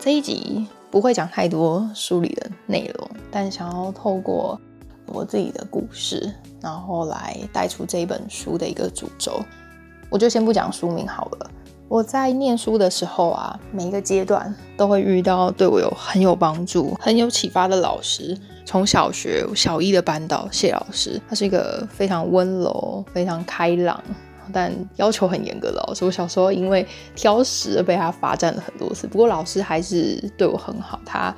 這一集不會講太多書裡的內容，但想要透過我自己的故事，然後來帶出這一本書的一個主軸，我就先不講書名好了。我在念書的時候啊，每一個階段都會遇到對我有很有幫助、很有啟發的老師。從小學小一的班導謝老師，他是一個非常溫柔、非常開朗。但要求很嚴格的老、哦、師，所以我小時候因為挑食而被他罰站了很多次。不過老師還是對我很好，他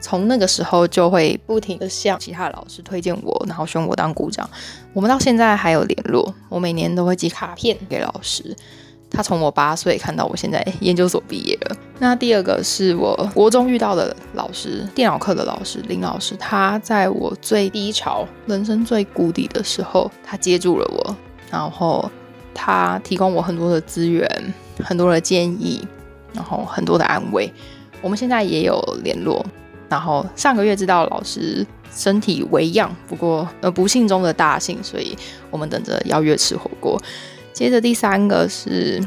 從那個時候就會不停地向其他老師推薦我，然後選我當股長。我們到現在還有聯絡，我每年都會寄卡片給老師。他從我八歲看到我現在研究所畢業了。那第二個是我國中遇到的老師，電腦課的老師林老師，他在我最低潮、人生最谷底的時候，他接住了我，然後。他提供我很多的資源，很多的建議，然後很多的安慰。我們現在也有聯絡。然後上個月知道老師身體微恙，不過呃不幸中的大幸，所以我們等着邀約吃火鍋。接着第三個是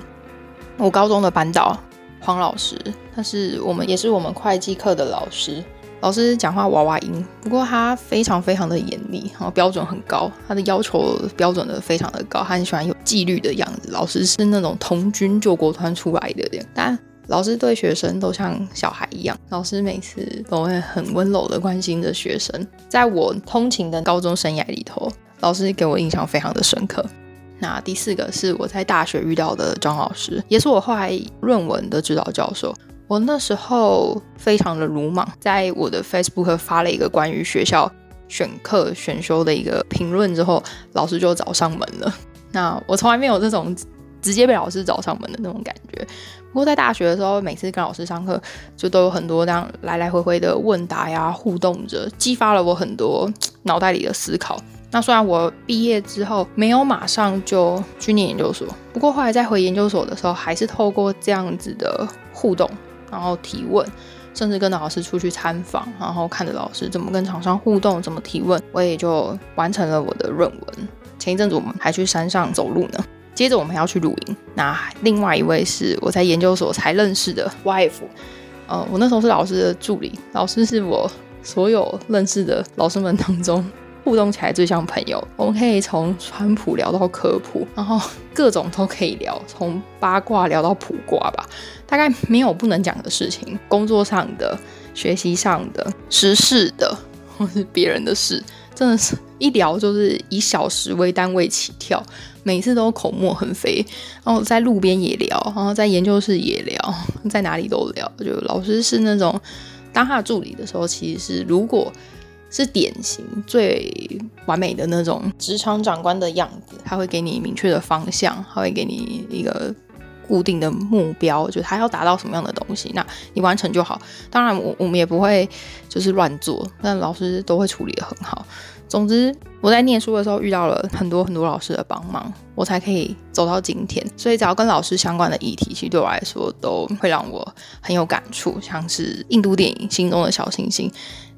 我高中的班導黃老師，他是我們也是我們會計課的老師。老師講話娃娃音，不過他非常非常的嚴厲，然後標準很高，他的要求標準的非常的高，他很喜歡有紀律的樣子。老師是那種童軍救國團出來的樣，但老師對學生都像小孩一樣，老師每次都會很溫柔的關心着學生。在我通勤的高中生涯裡頭，老師給我印象非常的深刻。那第四個是我在大學遇到的張老師，也是我後來論文的指導教授。我那時候非常的魯莽，在我的 Facebook 發了一個關於學校選課選修的一個評論之後，老師就找上門了。那我從來沒有這種直接被老師找上門的那種感覺。不過在大學的時候，每次跟老師上課，就都有很多這樣來來回回的問答呀，互動着，激發了我很多腦袋裡的思考。那雖然我畢業之後沒有馬上就去念研究所，不過後來在回研究所的時候，還是透過這樣子的互動。然後提問，甚至跟着老師出去參訪，然後看着老師怎麼跟廠商互動，怎麼提問，我也就完成了我的論文。前一陣子我們還去山上走路呢，接着我們還要去露營。那另外一位是我在研究所才認識的 wife，呃，我那時候是老師的助理，老師是我所有認識的老師們當中。互動起來最像朋友，我們可以從川普聊到科普，然後各種都可以聊，從八卦聊到卜卦吧，大概沒有不能講的事情。工作上的、學習上的、時事的，或是別人的事，真的是一聊就是以小時為單位起跳，每次都口沫橫飛。然後在路邊也聊，然後在研究室也聊，在哪裡都聊。就老師是那種當他的助理的時候，其實是如果。是典型最完美的那種職場長官的樣子，他會給你明確的方向，他會給你一個固定的目標，就他要達到什麼樣的東西，那你完成就好。當然我，我我們也不會就是亂做，但老師都會處理得很好。總之，我在念書的時候遇到了很多很多老師的幫忙，我才可以走到今天。所以，只要跟老師相關的議題，其實對我來說都會讓我很有感觸，像是印度電影《心中的小星星》。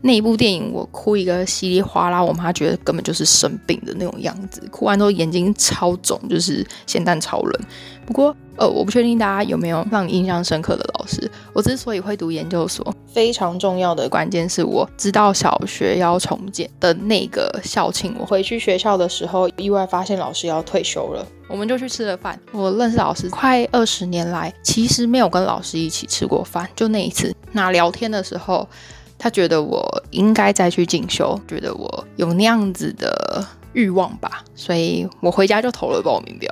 那一部電影，我哭一個稀里嘩啦，我媽覺得根本就是生病的那種樣子。哭完之後眼睛超腫，就是鹹蛋超人。不過，呃、哦，我不確定大家有沒有讓你印象深刻的老師。我之所以會讀研究所，非常重要的關鍵是我知道小學要重建的那個校慶，我回去學校的時候，意外發現老師要退休了，我們就去吃了飯。我認識老師快二十年來，其實沒有跟老師一起吃過飯，就那一次。那聊天的時候。他覺得我應該再去進修，覺得我有那樣子的慾望吧，所以我回家就投了報名表。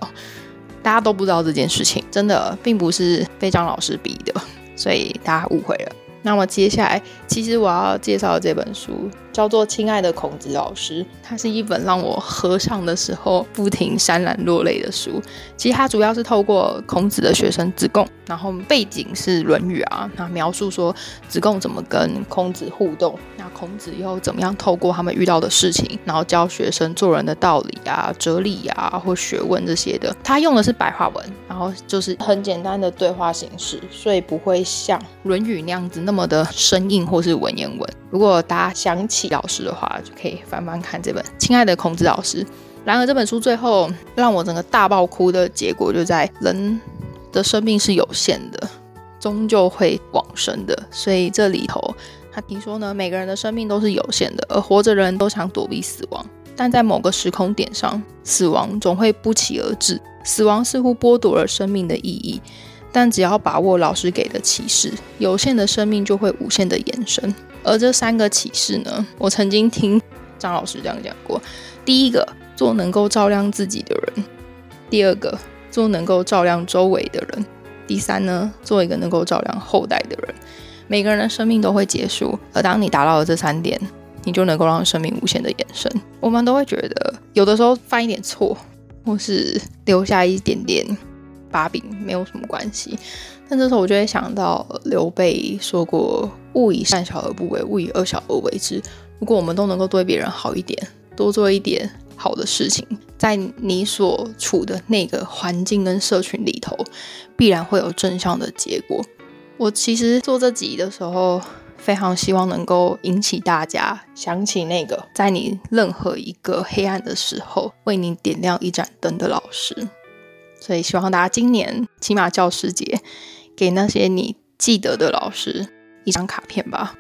大家都不知道這件事情，真的並不是被張老師逼的，所以大家誤會了。那麼接下來，其實我要介紹的這本書。叫做《親愛的孔子老師》，它是一本讓我合上的時候不停潸然落淚的書。其實它主要是透過孔子的學生子貢，然後背景是《論語》啊，那描述說子貢怎麼跟孔子互動，那孔子又怎麼樣透過他們遇到的事情，然後教學生做人的道理啊、哲理啊或學問這些的。他用的是白話文，然後就是很簡單的對話形式，所以不會像《論語》那樣子那麼的生硬或是文言文。如果大家想起。老師的話就可以翻翻看這本《親愛的孔子老師》。然而這本書最後讓我整個大爆哭的結果就在：人的生命是有限的，終究會往生的。所以這裡頭他聽說呢，每個人的生命都是有限的，而活着的人都想躲避死亡，但在某個時空點上，死亡總會不期而至。死亡似乎剝奪了生命的意義。但只要把握老師給的啟示，有限的生命就會無限的延伸。而這三個啟示呢，我曾經聽張老師這樣講過：第一個，做能夠照亮自己的人；第二個，做能夠照亮周圍的人；第三呢，做一個能夠照亮後代的人。每個人的生命都會結束，而當你達到了這三點，你就能夠讓生命無限的延伸。我們都會覺得，有的時候犯一點錯，或是留下一點點。把柄沒有什麼關係，但這時候我就會想到劉備說過：“勿以善小而不為，勿以惡小而為之。”如果我們都能夠對別人好一點，多做一點好的事情，在你所處的那個環境跟社群裡頭，必然會有正向的結果。我其實做這集的時候，非常希望能夠引起大家想起那個在你任何一個黑暗的時候為你點亮一盞燈的老師。所以希望大家今年起碼教師節，給那些你記得的老師一張卡片吧。